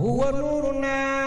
huwa nuuruna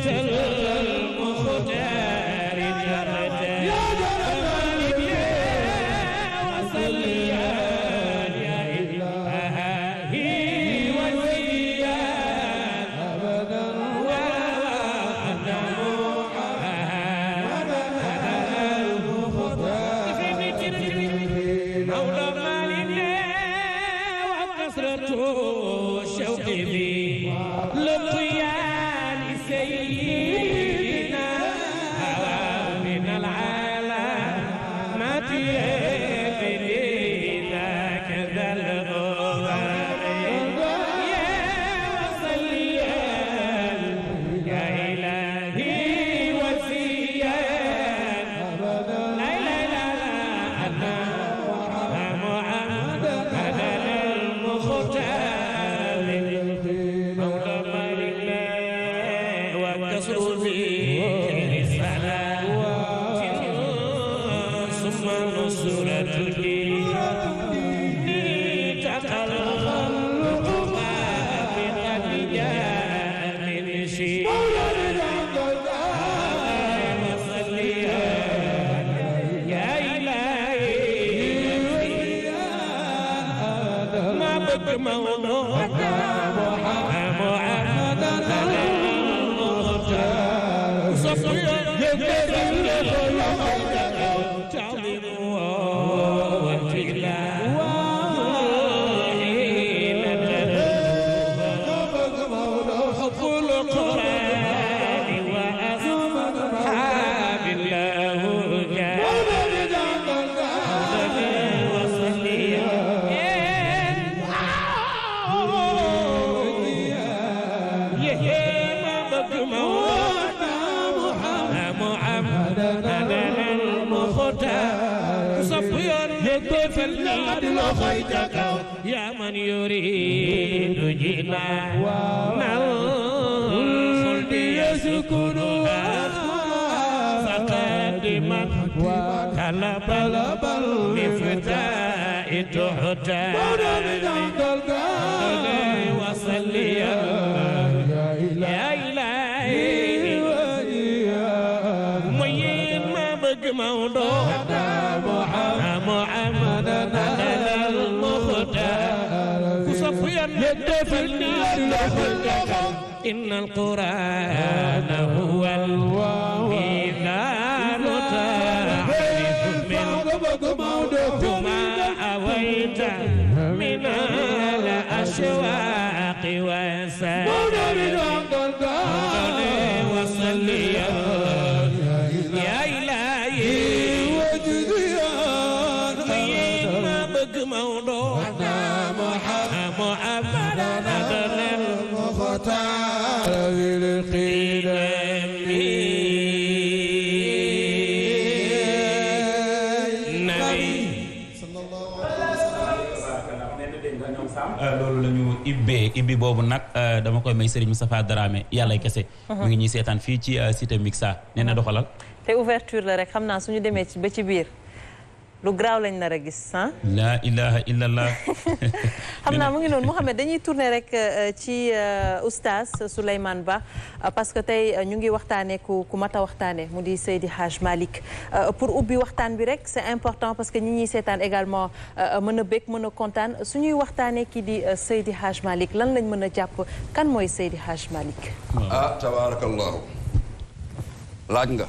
seetal مولانا محمد المختار يا من يريد جنان الخلد يسكن فقدما طلب المفتاء تحتى وصليا إن القرآن هو الميزان تعرف من كما أويت من الأشواق ibbee ibbi boobu nag euh, dama koy may Serigne Moustapha Dramé yàllay kese uh-huh. mu ngi ñuy seetaan fii ci euh, cité Mixa nee na doxalal te ouverture la rek xam naa suñu demee ba ci biir lu graaw lañ nar a gis ah. la ilaha illallah. xam naa mu ngi noonu Mouhamed dañuy tourner rek euh, ci euh, oustaz Souleymane Ba euh, parce que tey ñu ngi waxtaanee ku ku mat a waxtaanee mu di Seydi Hadj Malick pour ubbi waxtaan bi rek c'est important parce que ñi ñuy seetaan également mën a bég mën a kontaan suñuy waxtaanee kii di Seydi Hadj Malick lan lañ mën a jàpp kan mooy Seydi Hadj Malick. Ah, tabaarakallahu laaj nga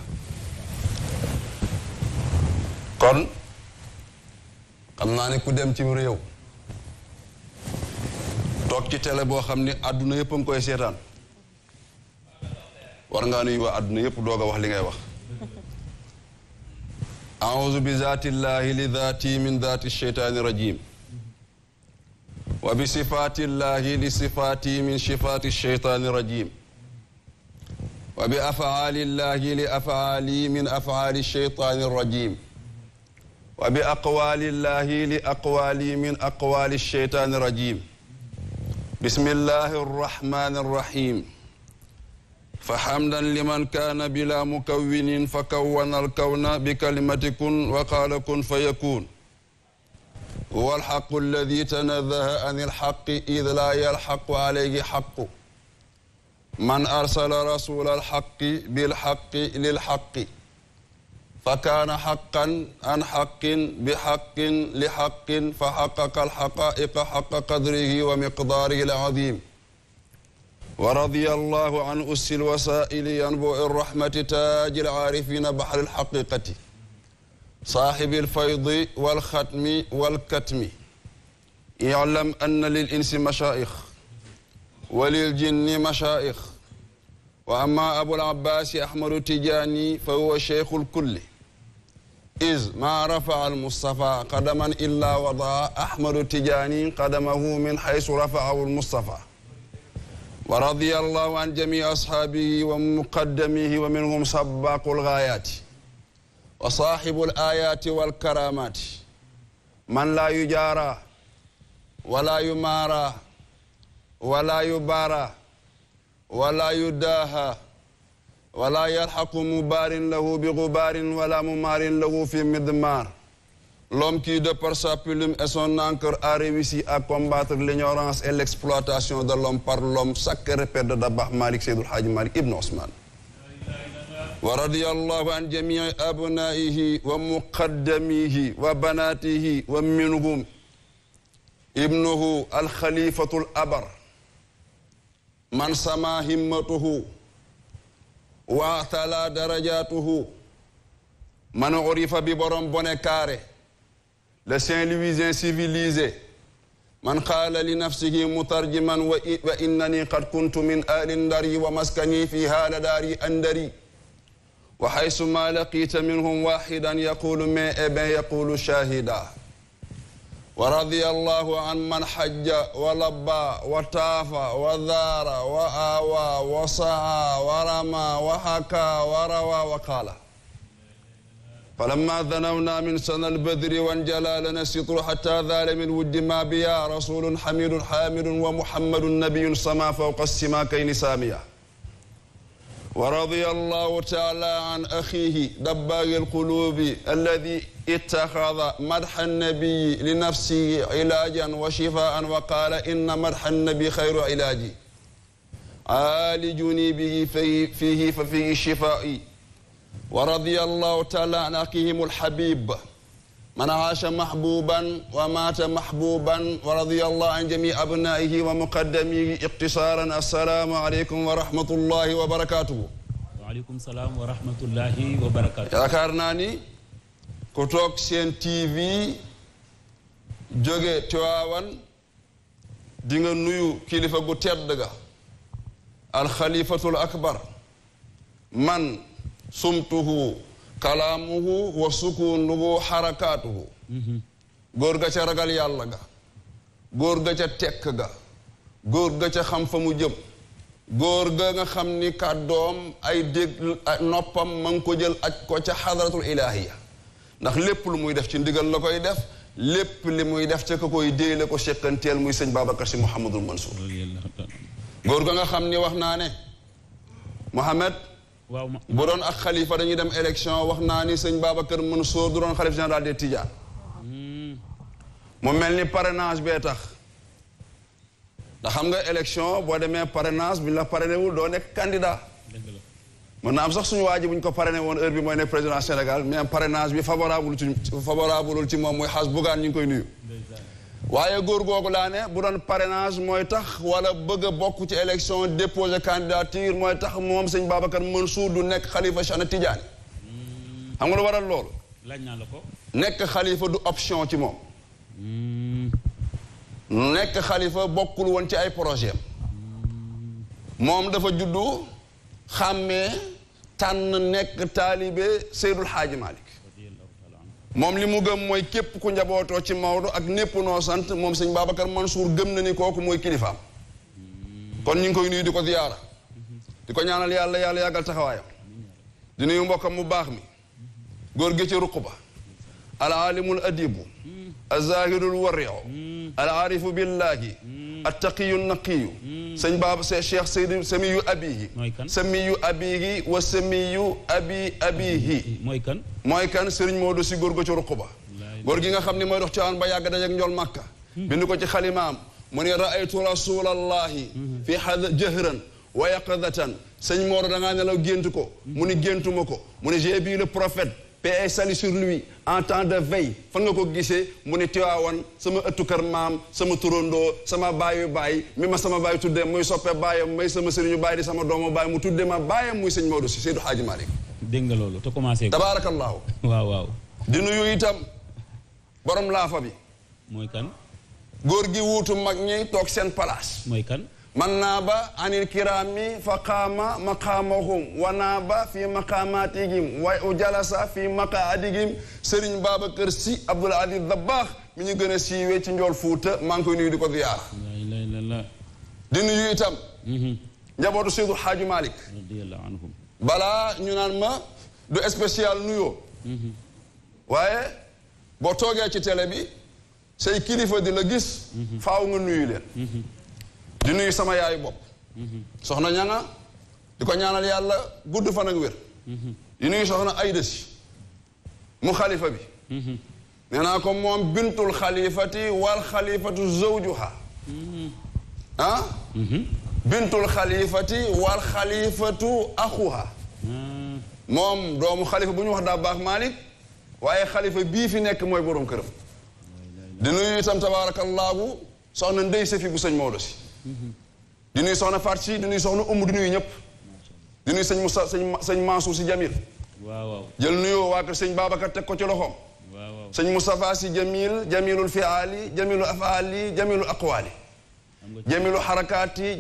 xam naa ne ku dem ci réew toog ci télé boo xam ne àdduna yëpp a ngi koy seetaan war ngaa nuyu waa àdduna yëpp doog a wax li ngay wax aouzu bi zaati llahi li zaati min zaati sheytaani rajim wa bi sifaati llahi li sifaati min sifaati sheytaani rajim wa bi afaali llahi li afaali min afaali sheytaani rajim wa bi aqwaalillahi li aqwaali min aqwaali sheytaani rajim bismillahi arrahmani arrahim fa xamdan liman kaana bila mukawinin fa kawana alkawna bi kalimati kun wa qaala kun fa yakun huwa alxaqu alladi tanadaha an ilxaqi id laa yalxaqu alayhi xaqu man arsala rasula alxaqi bilxaqi lilxaqi fa kaana xaqan an xaqin bi xaqin li xaqin fa xaqaqa alxaqaa'iqa xaqa qadrihi wa miqdaarihi alcaziim wa radia allahu an ussi lwasaa'ili yanbu'i rahmati taaji alcaarifiina baxri alxaqiiqati saaxibi alfaydi walxatmi walkatmi iclam anna lilinsi mashaa'ix wa liljinni mashaa'ix wa amma abul abbaasi ahmadu tijaani fa huwa sheykhul kulli is ma rafaa almustafa qadaman illa wadaa ahmadu tijaani qadamahu min xaysu rafaahu almustafa wa radia allahu an jamii ashaabihi wa muqaddamihi wa minhum sabaqu lgaayaati wa saaxibu alaayaati walkaraamaati man laa yujaara walaa yumaara walaa yubaara walaa yudaaha wala yalxaqu mubaarin lahu bi gubaarin wala mumaarin lahu fi midmar l'homme qui de par sa plume et son encre a réussi à combattre l'ignorance et l'exploitation de l'homme par l'homme sacré père de Dabakh Malik Seydul Haaji Malik ibn Ousmane wa radiyallahu an jamii abnaihi wa muqaddamihi wa banatihi wa minhum ibnuhu alxalifatu al abar man sama himmatuhu waatala darajatuhu man urifa bi borom bone kaare le Saint-Louisien civilisé man qaala li nafsihi mutarjiman wa innani qad kuntu min ali ndari wa maskani fi haala daari andari wa haysu ma laqiita minhum wahidan yaqulu mais eh bien yaqulu shahida wa radia allahu an man xajja wa labba wa taafa wa daara wa aawa wa saa wa rama wa haka wa rawa wa qaala falamma danawna min sana albadri wanjala lana sitru xata dala min wuddi ma biya rasulun xamidun xaamidun wa muhammadun nabiyun sama fawqa simakayni saamiya ورضي الله تعالى عن أخيه دباغ القلوب الذي اتخذ مدح النبي لنفسه علاجا وشفاء وقال إن مدح النبي خير علاجي عالجني به فيه ففيه شفائي ورضي الله تعالى عن أخيهم الحبيب من عاش محبوبا ومات محبوبا ورضي الله عن جميع أبنائه ومقدميه اقتصارا السلام عليكم ورحمة الله وبركاته وعليكم السلام ورحمة الله وبركاته yaakaar naa ni ku toog seen TV jóge Tiwaawan di nga nuyu kilifa gu tedd ga alxalifatul akbar man sumtuhu kalaamuhu wa sukunuhu xarakaatuhu mm-hmm. góor ga ca ragal yàlla ga góor ga ca tekk ga góor ga ca xam fa mu jëm góor ga nga xam ni kàddoom ay dégg noppam ma ko jël aj ko ca xadaratul ilaahiya ndax lépp lu muy def ci ndigal la koy def lépp li muy def ca ka koy déy ko seqanteel muy sëñ Babacar si Mouhamadul Mansour góor ga nga xam ni wax naa ne Mohamed waaw bu doon ak xalifa dañuy dem élection wax naa ni sëñ Babacar Mansour du doon xalif général des Tidjane. Hmm. mu mel ni parenage bee tax. ndax xam nga élection boo demee parrainage bu bi la parrainé wul doo nekk candidat. mën naa sax suñu waa bu ñu ko parrainé woon heure bi mooy nekk président Sénégal mais parrainage bi favorable ci moom mooy xaas bugaan ñu ngi koy nuyu. waaye góor googu laa ne bu doon parenage mooy tax wala bëgg a bokk ci élection déposer candidature mooy tax moom sëñ Babacar Mansour du nekk xalifa Cheikhna Tidiane xam nga lu waral lool laaj naa la ko. nekk xalifa du option ci moom. nekk xalifa bokkul woon ci ay projet moom dafa juddu xàmmee tànn nekk taalibe Seydul Xaaji Maalik moom li mu gëm mooy képp ku njabootoo ci Maodo ak népp noo sant moom sëñ Babacar Mansour gëm na ni kooku mooy kilifaam kon ñu ngi koy nuyu di ko ziyaara di ko ñaanal yàlla yàlla yàggal taxawaayam di nuyu mbokkam mu baax mi góor gi ci ruq ba al alimul adibu azahirul wariu al arifu billahi attaqiyu naqiyu sëñ baaba se cheikh seydi samiyu abihi samiyu abihi wa samiyu abi abihi mooy kan mooy kan sëriñ moo do si góor ga ci ruquba góor gi nga xam ne mooy dox ci aan ba yàgg dajek njool màkka hmm. bind ko ci xalimaam mu ne raaytu rasulallahi hmm. fi hada jahran wa yaqadatan sëñ mooro da ngaa nelaw gént ko hmm. mu ni géntuma ko mu ne j'ai vu le prophète paix et salut sur lui en temps de veille fan nga ko gisee mu ne Tiwaawan sama ëttu kër maam sama turandoo sama baayu baay mi ma sama baay tuddee muy soppee baayam may sama sëriñu baay di sama doomu baay mu tuddee ma baayam muy sëñ Maodo si Seydou Hadji Malick. dégg nga loolu te commencé. tabaarakallaahu waaw waaw. di nuyu itam borom laafa bi. mooy kan. góor gi wuutu mag ñi toog seen palaas. mooy kan. man naaba anil kirami fa qaama maqaamahum wa naaba fi maqaamatihim wa ujalasa fi maqaadihim Serigne Babacar Sy Abdoul Aziz Dabakh mi ñu gën a siiwee ci njool Fuuta maa ngi koy nuyu di ko ziyaar di nuyu itam njabootu Seydou Hadji Malick balaa ñu naan ma du spécial nuyoo waaye boo toogee ci télé bi say kilifa di la gis faaw nga nuyu leen di nuyu sama yaayu bopp. soxna ñanga di ko ñaanal yàlla gudd fan ak wér. di nuyu soxna Ayda si mu xalifa bi. nee naa ko moom bintul xalifati wal xalifatu zawjuha ah. bintul xalifati wal xalifatu moom doomu xalifa bu ñu wax daa baax Malick waaye xalifa bii fi nekk mooy borom këram. di nuyu itam tabaarakallaahu soxna Ndey Safi bu sëñ Maodo si. di nuyu soxna Fatou di nuyu soxna Oumou di nuyu ñëpp. di nuyu si Jamil. waaw waaw jël nuyoo waa ci loxoom. waaw waaw sëñ Moustapha si Jamil Jamilul Fiali Jamilul Afaali Jamilul Aqwaali. jamilu xarakaati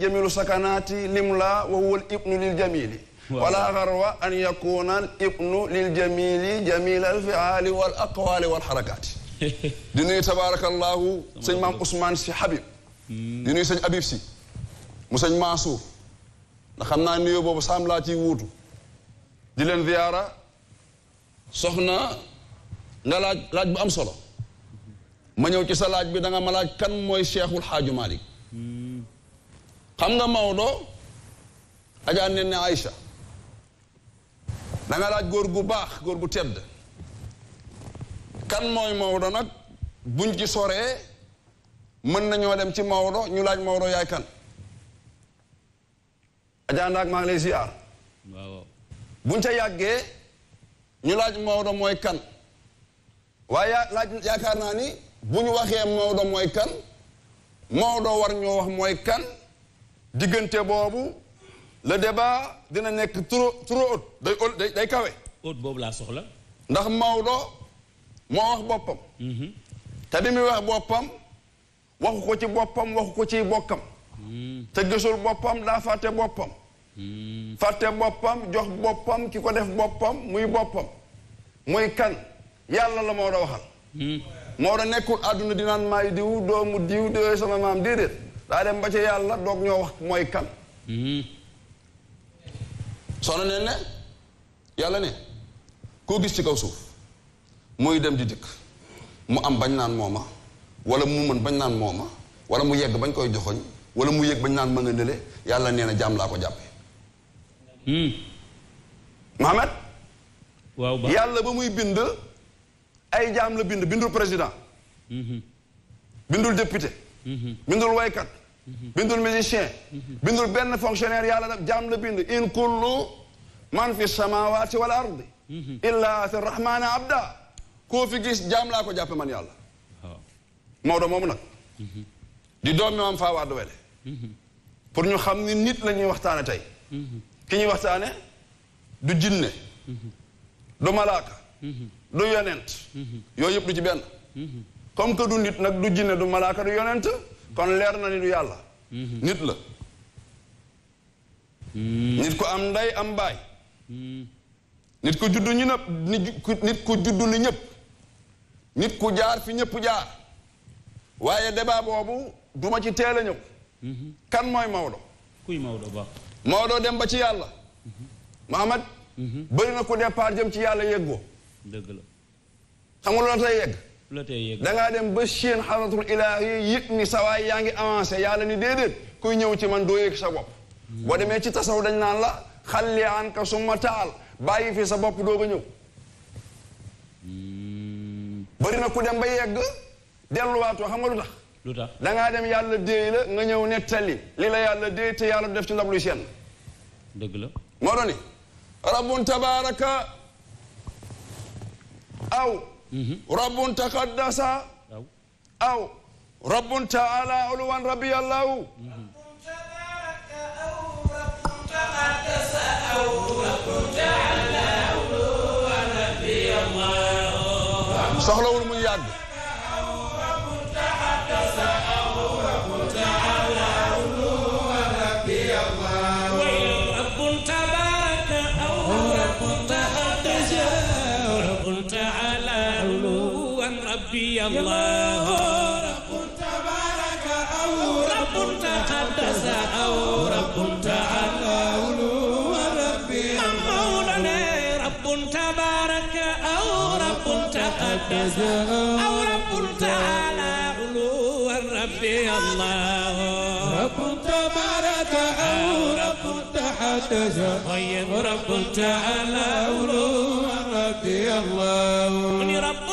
wala xarwa an yakuna al lil jamili jamil al fiali wal aqwali xarakaati Hmm. di nuyu sëñ Habib si mu sëñ Mansour ndax xam naa nuyoo boobu saam laa ci wuutu di leen ziyaara soxna nga laaj laaj bu am solo ma ñëw ci sa laaj bi danga ma laaj kan mooy Cheikhul Xaaju Malik hmm. xam nga Maodo ajaa nen ne Aïcha da laaj góor gu baax góor gu tedd kan mooy Maodo nag buñ ci soree mën nañoo dem ci Maodo ñu laaj Maodo yaay kan. Adja Ndaak maa ngi lay ca yàggee ñu laaj Maodo mooy kan. waaye laaj yaakaar naa ni bu ñu waxee Maodo mooy kan Maodo war ñoo wax mooy kan diggante boobu le deba dina nekk trop trop haut day day kawe. haut boobu laa soxla. ndax Maodo moo wax boppam. Mhm. te bi wax boppam. waxu ko ci boppam waxu ko ci bokkam te gisul boppam daa fàtte boppam fàtte boppam jox boppam ki ko def boppam muy boppam muy kan yàlla la moo da waxal moo da nekkul àdduna di naan maay diw doomu diw diw sama maam déedéet daa dem ba yàlla doog ñoo wax mooy kan soxna neen ne yàlla ne koo gis ci kaw suuf muy dem di dikk mu am bañ naan mooma wala mu mën bañ naan mooma wala mu yegg bañ koy joxoñ wala mu yegg bañ naan ma a nële yàlla nee na jaam laa ko jàppe hmm. Mohamed waaw yàlla ba muy bind ay jaam la bind bindul président hmm. bindul député hmm. bindul waykat bindul musicien bindul benn fonctionnaire yàlla daf jaam la bind in kullu man fi samawati wal ardi illa fi rahmana abda koo fi gis jaam laa ko jàppe man yàlla Maodo moom nag. di doom mi maam Faa Wade pour ñu xam ni nit lañuy waxtaane tey. ki ñuy waxtaane du jinne du malaaka. du yonent. yooyu yëpp du ci benn. comme que du nit nag du jinne du malaaka du yonent kon leer na ni du yàlla. nit la. nit ku am ndey am baay. nit ku juddu ñu nëpp nit ko juddu ni ñëpp. nit ku jaar fi ñëpp jaar. waaye débat boobu duma ci teel a ñëw. kan mooy Maodo. kuy Maodo ba. Maodo dem ba ci yàlla. Mohamed. bëri na ku départ jëm ci yàlla yeggoo. dëgg la. xam nga lu la yegg. la tey dem ba Chine xaratul ilaahi yëg ni sawaay yaa ngi avancé yàlla ni déedéet kuy ñëw ci man doo yëg sa bopp. boo demee ci tasaw dañ naan la xalli an ka suma taal bàyyi fi sa bopp doog a ñëw. Hmm. bëri na ku dem ba yegg. delluwaatoo xam nga lu tax. lu tax da ngaa dem yàlla déey la nga la yàlla déey te yàlla du def ci ndab luy seen. dëgg la moo doon ni. rabbun tabaaraka aw. Mhm. rabbun taqaddasa aw. Mhm. mu yàgg الله رب تبارك أو رب تقدس أو رب تعالى وربي مولانا رب تبارك أو رب تقدس أو رب تعالى علو ربي الله رب تبارك أو رب تحدث طيب رب تعالى علو ربي الله رب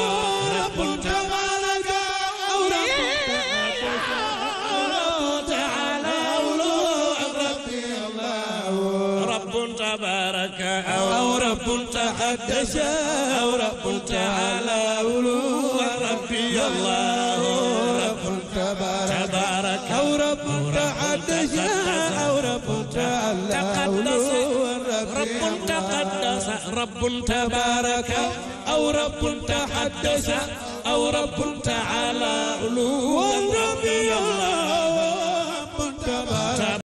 أو رب تقدس أو رب تعالى أولو ربي الله رب تبارك أو رب تقدس أو رب تعالى أولو رب تقدس رب تبارك أو رب تحدث أو رب تعالى علو ربي الله